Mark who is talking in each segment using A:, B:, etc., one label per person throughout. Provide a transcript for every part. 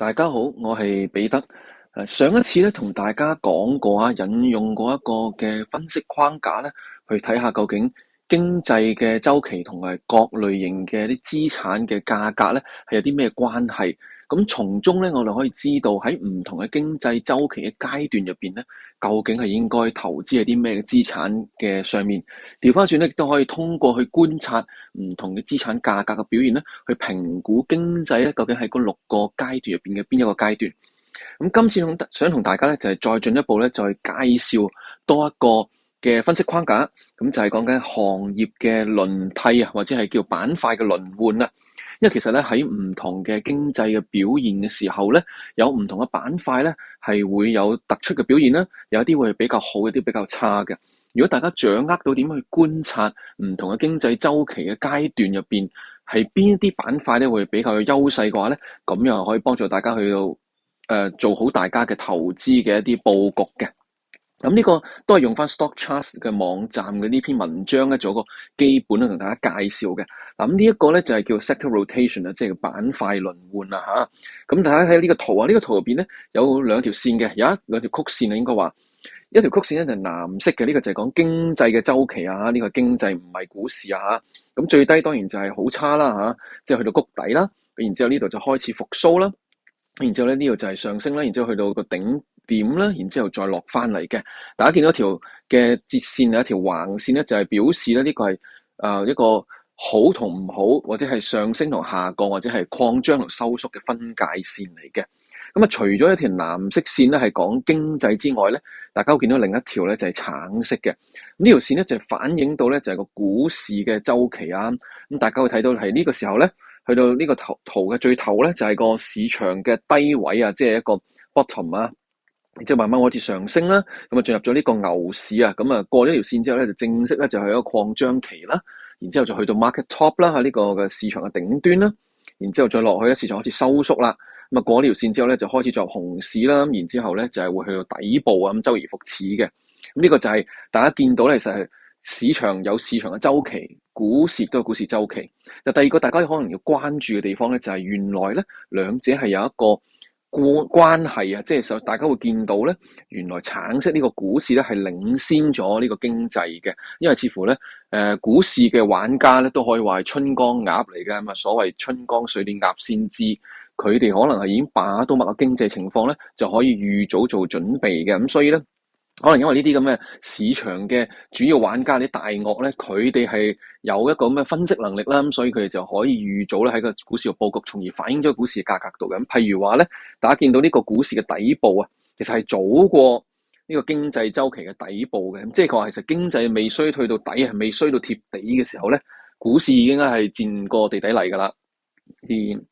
A: 大家好，我係彼得。上一次咧同大家講過啊，引用過一個嘅分析框架咧，去睇下究竟經濟嘅周期同埋各類型嘅啲資產嘅價格咧，係有啲咩關係？咁從中咧，我哋可以知道喺唔同嘅經濟周期嘅階段入面咧，究竟係應該投資喺啲咩嘅資產嘅上面。調翻轉咧，亦都可以通過去觀察唔同嘅資產價格嘅表現咧，去評估經濟咧究竟喺嗰六個階段入面嘅邊一個階段。咁今次想同大家咧就係再進一步咧，再介紹多一個嘅分析框架，咁就係講緊行業嘅輪替啊，或者係叫板塊嘅輪換啦。因為其實咧喺唔同嘅經濟嘅表現嘅時候咧，有唔同嘅板塊咧係會有突出嘅表現啦，有一啲會比較好，有一啲比較差嘅。如果大家掌握到點去觀察唔同嘅經濟周期嘅階段入邊係邊一啲板塊咧會比較有優勢嘅話咧，咁樣可以幫助大家去到誒做好大家嘅投資嘅一啲佈局嘅。咁呢個都係用翻 StockCharts 嘅網站嘅呢篇文章咧，做個基本咧同大家介紹嘅。嗱咁呢一個咧就係叫 Sector Rotation 啊，即係板塊輪換啊嚇。咁大家睇下呢個圖啊，呢個圖入面咧有兩條線嘅，有一兩條曲線啊，應該話一條曲線咧就係藍色嘅，呢個就係講經濟嘅周期啊，呢個經濟唔係股市啊嚇。咁最低當然就係好差啦吓，即係去到谷底啦。然之後呢度就開始復甦啦，然之後咧呢度就係上升啦，然之後去到個頂。點咧？然之後再落翻嚟嘅，大家見到條嘅折線有一條橫線咧，就係表示咧呢、這個係誒、呃、一個好同唔好，或者係上升同下降，或者係擴張同收縮嘅分界線嚟嘅。咁、嗯、啊，除咗一條藍色線咧係講經濟之外咧，大家見到另一條咧就係橙色嘅。呢條線咧就係反映到咧就係個股市嘅周期啊。咁、嗯、大家會睇到係呢個時候咧，去到呢個圖圖嘅最頭咧就係、是、個市場嘅低位啊，即係一個 bottom 啊。然之後慢慢開始上升啦，咁啊進入咗呢個牛市啊，咁啊過咗條線之後咧，就正式咧就係一個擴張期啦，然之後就去到 market top 啦，喺呢個嘅市場嘅頂端啦，然之後再落去咧，市場開始收縮啦，咁啊過咗條線之後咧，就開始做熊市啦，咁然之後咧就係會去到底部啊，咁周而復始嘅。咁、這、呢個就係大家見到咧，其實係市場有市場嘅周期，股市亦都有股市周期。又第二個大家可能要關注嘅地方咧，就係原來咧兩者係有一個。個關係啊，即係大家會見到咧，原來橙色呢個股市咧係領先咗呢個經濟嘅，因為似乎咧、呃、股市嘅玩家咧都可以話係春江鴨嚟嘅，咁啊所謂春江水暖鴨先知，佢哋可能係已經把握到嗰個經濟情況咧就可以預早做準備嘅，咁所以咧可能因為呢啲咁嘅市場嘅主要玩家啲大鱷咧，佢哋係。有一個咁嘅分析能力啦，咁所以佢哋就可以預早咧喺個股市度布局，從而反映咗股市價格度嘅。譬如話咧，大家見到呢個股市嘅底部啊，其實係早過呢個經濟週期嘅底部嘅。即係話，其實經濟未衰退到底，係未衰到貼底嘅時候咧，股市已經係漸過地底嚟噶啦。而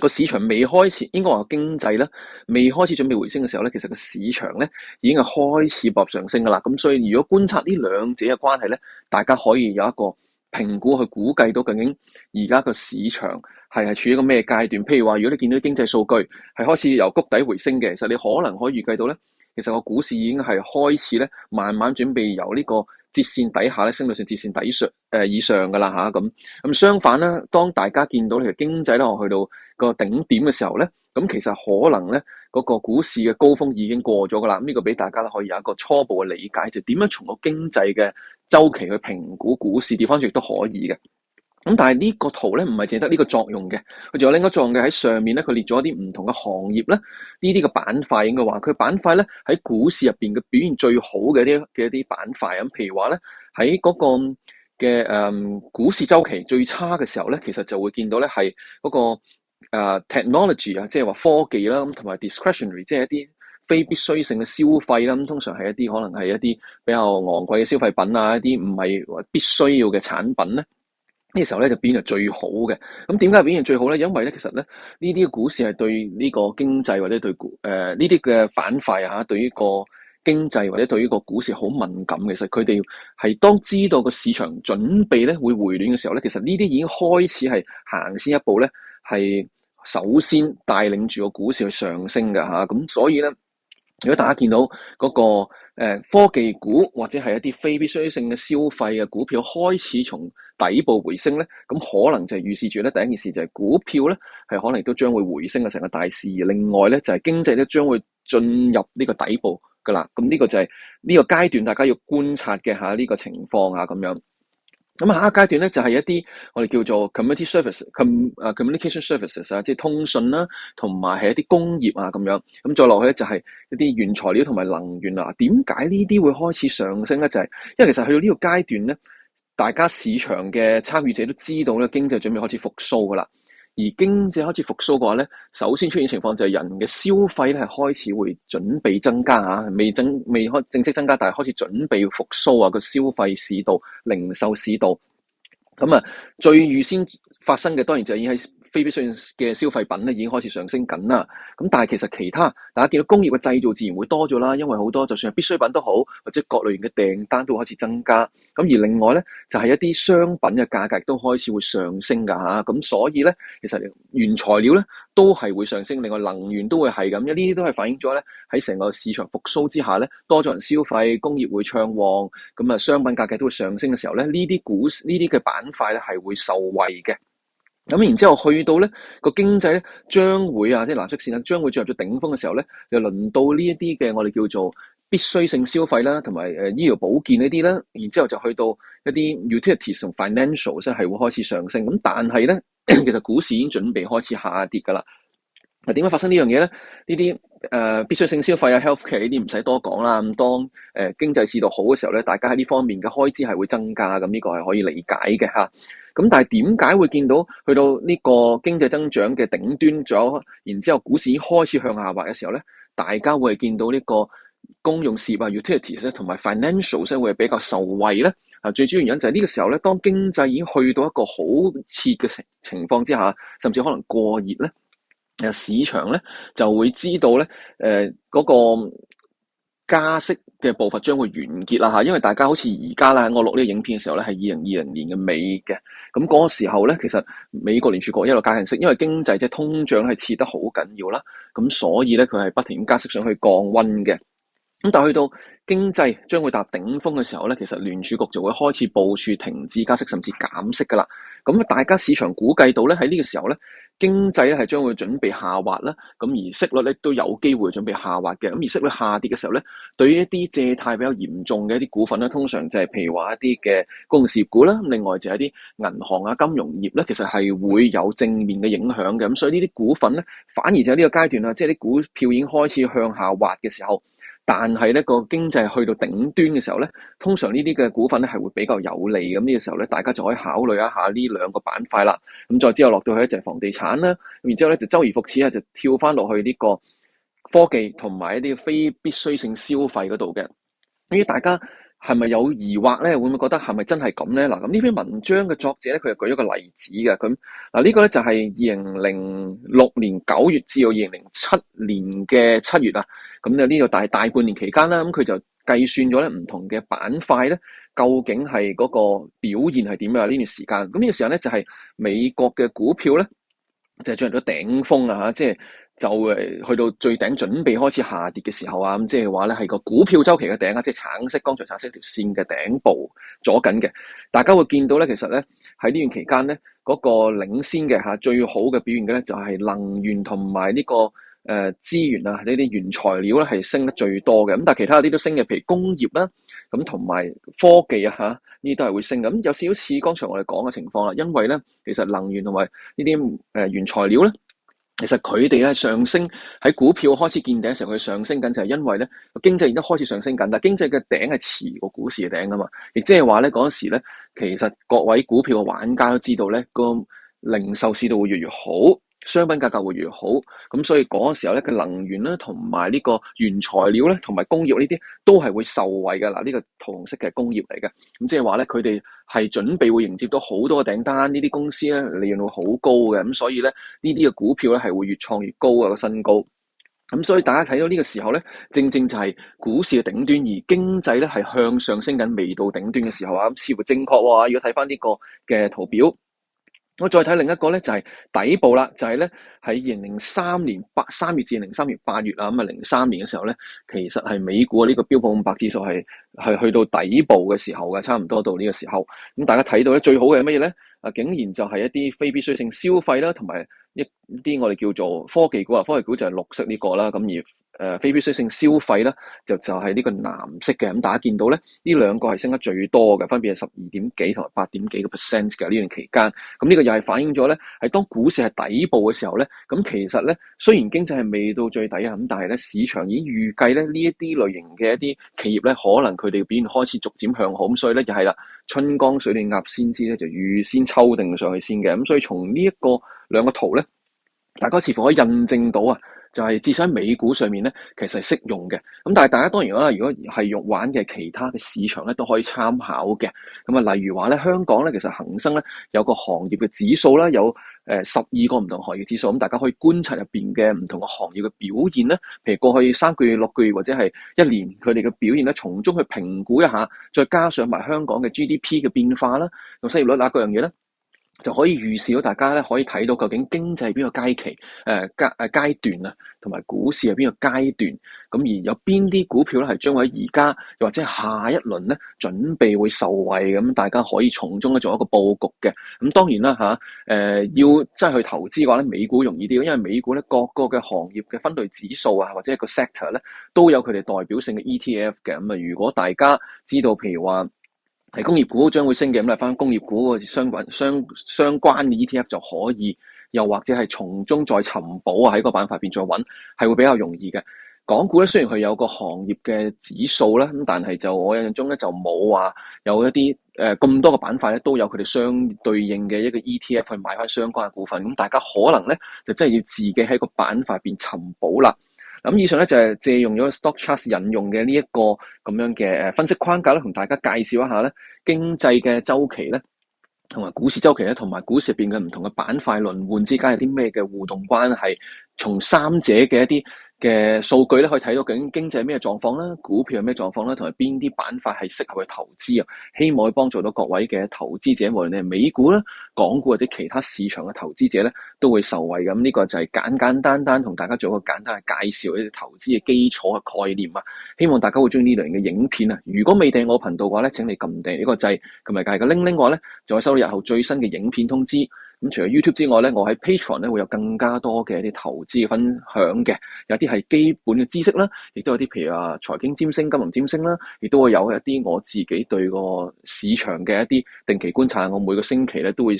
A: 個市場未開始，應該話經濟咧未開始準備回升嘅時候咧，其實個市場咧已經係開始步入上升噶啦。咁所以如果觀察呢兩者嘅關係咧，大家可以有一個。評估去估計到究竟而家個市場係係處於一個咩階段？譬如話，如果你見到啲經濟數據係開始由谷底回升嘅，其實你可能可以預計到咧，其實個股市已經係開始咧，慢慢準備由呢個折線底下咧升到成折線底上誒、呃、以上噶啦吓，咁、啊。咁相反咧，當大家見到其實經濟咧可能去到個頂點嘅時候咧，咁其實可能咧嗰、嗰個股市嘅高峰已經過咗噶啦。呢個俾大家都可以有一個初步嘅理解，就點樣從個經濟嘅。周期去評估股市跌翻轉亦都可以嘅，咁但係呢個圖咧唔係淨得呢個作用嘅，佢仲有另一個作用嘅喺上面咧，佢列咗一啲唔同嘅行業咧，呢啲嘅板塊應該話佢板塊咧喺股市入邊嘅表現最好嘅一啲嘅一啲板塊咁，譬如話咧喺嗰個嘅誒、嗯、股市周期最差嘅時候咧，其實就會見到咧係嗰個、uh, technology 啊，即係話科技啦，咁同埋 discretionary 即係一啲。非必需性嘅消費啦，咁通常係一啲可能係一啲比較昂貴嘅消費品啊，一啲唔係必須要嘅產品咧，呢時候咧就表現最好嘅。咁點解表現最好咧？因為咧其實咧，呢啲嘅股市係對呢個經濟或者對股誒呢啲嘅板塊嚇啊，對於個經濟或者對於個股市好敏感嘅。其實佢哋係當知道個市場準備咧會回暖嘅時候咧，其實呢啲已經開始係行先一步咧，係首先帶領住個股市去上升嘅嚇。咁所以咧。如果大家見到嗰個科技股或者係一啲非必需性嘅消費嘅股票開始從底部回升咧，咁可能就係預示住咧第一件事就係股票咧係可能都將會回升成個大市；而另外咧就係、是、經濟咧將會進入呢個底部嘅啦。咁呢個就係呢個階段大家要觀察嘅吓呢個情況啊咁樣。咁下一個階段咧就係、是、一啲我哋叫做 community service、communication services 啊，即係通訊啦，同埋係一啲工業啊咁樣。咁、啊、再落去咧就係一啲原材料同埋能源啊。點解呢啲會開始上升呢？就係、是、因為其實去到呢個階段咧，大家市場嘅參與者都知道經濟準備開始復甦噶啦。而經濟開始復甦嘅話咧，首先出現情況就係人嘅消費咧係開始會準備增加啊，未增未開正式增加，但係開始準備復甦啊個消費市道、零售市道，咁啊最預先發生嘅當然就已經喺。非必需嘅消費品咧已經開始上升緊啦，咁但係其實其他大家見到工業嘅製造自然會多咗啦，因為好多就算係必需品都好，或者各類型嘅訂單都開始增加。咁而另外咧就係一啲商品嘅價格都開始會上升㗎嚇，咁所以咧其實原材料咧都係會上升，另外能源都會係咁，呢啲都係反映咗咧喺成個市場復甦之下咧多咗人消費，工業會暢旺，咁啊商品價格都會上升嘅時候咧，呢啲股呢啲嘅板塊咧係會受惠嘅。咁然之後去到咧個經濟咧將會啊，即係藍色線啊將會進入咗頂峰嘅時候咧，又輪到呢一啲嘅我哋叫做必需性消費啦，同埋誒醫療保健呢啲啦，然之後就去到一啲 utilities 同 financial 即係會開始上升。咁但係咧，其實股市已經準備開始下跌噶啦。嗱，點解發生呢樣嘢咧？呢啲誒必須性消費啊、healthcare 呢啲唔使多講啦。咁當誒、呃、經濟市道好嘅時候咧，大家喺呢方面嘅開支係會增加，咁呢個係可以理解嘅吓。咁但係點解會見到去到呢個經濟增長嘅頂端咗，然之後股市開始向下滑嘅時候咧，大家會係見到呢個公用事業、utilities 咧同埋 financials 咧會係比較受惠咧？啊，最主要原因就係呢個時候咧，當經濟已經去到一個好切嘅情情況之下，甚至可能過熱咧。其實市場咧就會知道咧，誒、呃、嗰、那個加息嘅步伐將會完結啦，因為大家好似而家啦，我錄呢個影片嘅時候咧，係二零二零年嘅尾嘅，咁、那、嗰個時候咧，其實美國聯儲局一路加息，因為經濟即係通脹係係切得好緊要啦，咁所以咧佢係不停加息上去降溫嘅。咁但係去到經濟將會達頂峰嘅時候咧，其實聯儲局就會開始部署停止加息，甚至減息噶啦。咁大家市場估計到咧，喺呢個時候咧，經濟咧係將會準備下滑啦。咁而息率咧都有機會準備下滑嘅。咁而息率下跌嘅時候咧，對於一啲借貸比較嚴重嘅一啲股份咧，通常就係譬如話一啲嘅公共事業股啦。另外就係一啲銀行啊、金融業咧，其實係會有正面嘅影響嘅。咁所以呢啲股份咧，反而就喺呢個階段啦，即係啲股票已經開始向下滑嘅時候。但係咧個經濟去到頂端嘅時候咧，通常呢啲嘅股份咧係會比較有利。咁呢個時候咧，大家就可以考慮一下呢兩個板塊啦。咁再之後落到去一隻房地產啦，然之後咧就周而復始啊，就跳翻落去呢個科技同埋一啲非必需性消費嗰度嘅。大家。係咪有疑惑咧？會唔會覺得係咪真係咁咧？嗱，咁呢篇文章嘅作者咧，佢就舉咗個例子嘅。咁嗱，呢個咧就係二零零六年九月至到二零零七年嘅七月啊。咁就呢度大大半年期間啦。咁佢就計算咗咧，唔同嘅板塊咧，究竟係嗰個表現係點啊？呢段時間，咁呢個時候咧就係美國嘅股票咧，就係進入咗頂峰啊！吓，即係。就誒去到最頂，準備開始下跌嘅時候啊，咁即係話咧係個股票周期嘅頂啊，即係橙色，剛才橙色的條線嘅頂部阻緊嘅。大家會見到咧，其實咧喺呢在這段期間咧，嗰、那個領先嘅嚇最好嘅表現嘅咧，就係、是、能源同埋呢個誒、呃、資源啊呢啲原材料咧係升得最多嘅。咁但係其他啲都升嘅，譬如工業啦、啊，咁同埋科技啊嚇，呢啲都係會升嘅。咁有少少似剛才我哋講嘅情況啦，因為咧其實能源同埋呢啲誒原材料咧。其實佢哋上升喺股票開始見頂嘅時候佢上升緊，就係因為呢經濟已經開始上升緊，但經濟嘅頂係遲過股市嘅頂㗎嘛，亦即係話呢，嗰時呢，其實各位股票嘅玩家都知道呢，個零售市道會越來越好。商品價格會越，越好，咁所以嗰時候咧嘅能源咧同埋呢個原材料咧同埋工業呢啲都係會受惠嘅。嗱，呢個桃紅色嘅工業嚟嘅，咁即係話咧佢哋係準備會迎接到好多嘅訂單，呢啲公司咧利潤會好高嘅，咁所以咧呢啲嘅股票咧係會越創越高個新高。咁所以大家睇到呢個時候咧，正正就係股市嘅頂端，而經濟咧係向上升緊未到頂端嘅時候啊，似乎正確喎。如果睇返呢個嘅圖表。我再睇另一個咧，就係、是、底部啦，就係咧喺二零零三年八三月至零三、嗯、年八月啊，咁啊零三年嘅時候咧，其實係美股呢個標普五百指數係係去到底部嘅時候嘅，差唔多到呢個時候，咁、嗯、大家睇到咧最好嘅係乜嘢咧？啊，竟然就係一啲非必需性消費啦，同埋。一啲我哋叫做科技股啊，科技股就係綠色呢個啦，咁而誒非必需性消費呢，就就係呢個藍色嘅，咁大家見到咧，呢兩個係升得最多嘅，分別係十二點幾同埋八點幾個 percent 嘅呢段期間，咁呢個又係反映咗咧，係當股市係底部嘅時候咧，咁其實咧雖然經濟係未到最底啊，咁但係咧市場已經預計咧呢一啲類型嘅一啲企業咧，可能佢哋表現開始逐漸向好，咁所以咧就係啦，春江水暖鴨先知咧，就預先抽定上去先嘅，咁所以從呢一個。兩個圖咧，大家似乎可以印證到啊，就係至少喺美股上面咧，其實係適用嘅。咁但係大家當然啦，如果係用玩嘅其他嘅市場咧，都可以參考嘅。咁啊，例如話咧，香港咧，其實恒生咧有個行業嘅指數啦，有誒十二個唔同嘅行業指數，咁大家可以觀察入邊嘅唔同嘅行業嘅表現咧。譬如過去三個月、六個月或者係一年，佢哋嘅表現咧，從中去評估一下，再加上埋香港嘅 GDP 嘅變化啦，同失業率啊嗰樣嘢咧。就可以預示到大家咧，可以睇到究竟經濟邊個階期、階段啊，同埋股市係邊個階段咁，而有邊啲股票咧係將會喺而家又或者下一輪咧準備會受惠，咁大家可以從中咧做一個佈局嘅。咁當然啦，吓，要即係去投資嘅話咧，美股容易啲，因為美股咧各個嘅行業嘅分類指數啊，或者一個 sector 咧都有佢哋代表性嘅 ETF 嘅。咁啊，如果大家知道譬如話。係工業股將會升嘅，咁嚟翻工業股相相相關嘅 ETF 就可以，又或者係從中再尋寶啊！喺個板塊入邊再揾，係會比較容易嘅。港股咧雖然佢有個行業嘅指數啦，咁但係就我印象中咧就冇話有，有一啲誒咁多個板塊咧都有佢哋相對應嘅一個 ETF 去買翻相關嘅股份。咁大家可能咧就真係要自己喺個板塊入邊尋寶啦。咁以上咧就係借用咗 StockCharts 引用嘅呢一個咁樣嘅誒分析框架咧，同大家介紹一下咧經濟嘅周期咧，同埋股市周期咧，同埋股市入邊嘅唔同嘅板塊輪換之間有啲咩嘅互動關係，從三者嘅一啲。嘅數據咧可以睇到究竟經濟係咩狀況啦，股票係咩狀況啦，同埋邊啲板塊係適合去投資啊？希望可以幫助到各位嘅投資者，無論你係美股啦、港股或者其他市場嘅投資者咧，都會受惠咁。噉呢個就係簡簡單單同大家做一個簡單嘅介紹，一啲投資嘅基礎嘅概念啊。希望大家會中意呢類型嘅影片啊！如果未訂我頻道嘅話咧，請你撳訂呢個掣，同埋加個鈴鈴嘅話咧，就會收到日後最新嘅影片通知。咁除咗 YouTube 之外咧，我喺 Patreon 咧會有更加多嘅一啲投資嘅分享嘅，有啲係基本嘅知識啦，亦都有啲譬如啊財經占星、金融占星啦，亦都會有一啲我自己對個市場嘅一啲定期觀察，我每個星期咧都會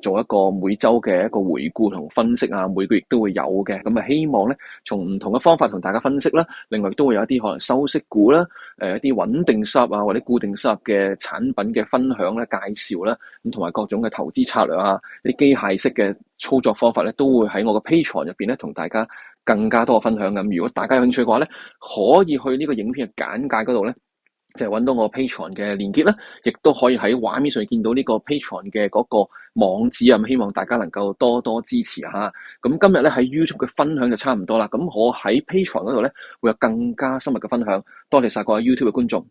A: 做一個每週嘅一個回顧同分析啊，每個月都會有嘅。咁啊希望咧從唔同嘅方法同大家分析啦，另外亦都會有一啲可能收息股啦，一啲穩定息啊或者固定息嘅產品嘅分享咧介紹啦，咁同埋各種嘅投資策略啊。機械式嘅操作方法咧，都會喺我嘅 Patreon 入邊咧，同大家更加多嘅分享咁。如果大家有興趣嘅話咧，可以去呢個影片嘅簡介嗰度咧，就揾、是、到我 Patreon 嘅連結啦，亦都可以喺畫面上見到呢個 Patreon 嘅嗰個網址啊。希望大家能夠多多支持下。咁今日咧喺 YouTube 嘅分享就差唔多啦。咁我喺 Patreon 嗰度咧會有更加深入嘅分享。多謝晒各位 YouTube 嘅觀眾。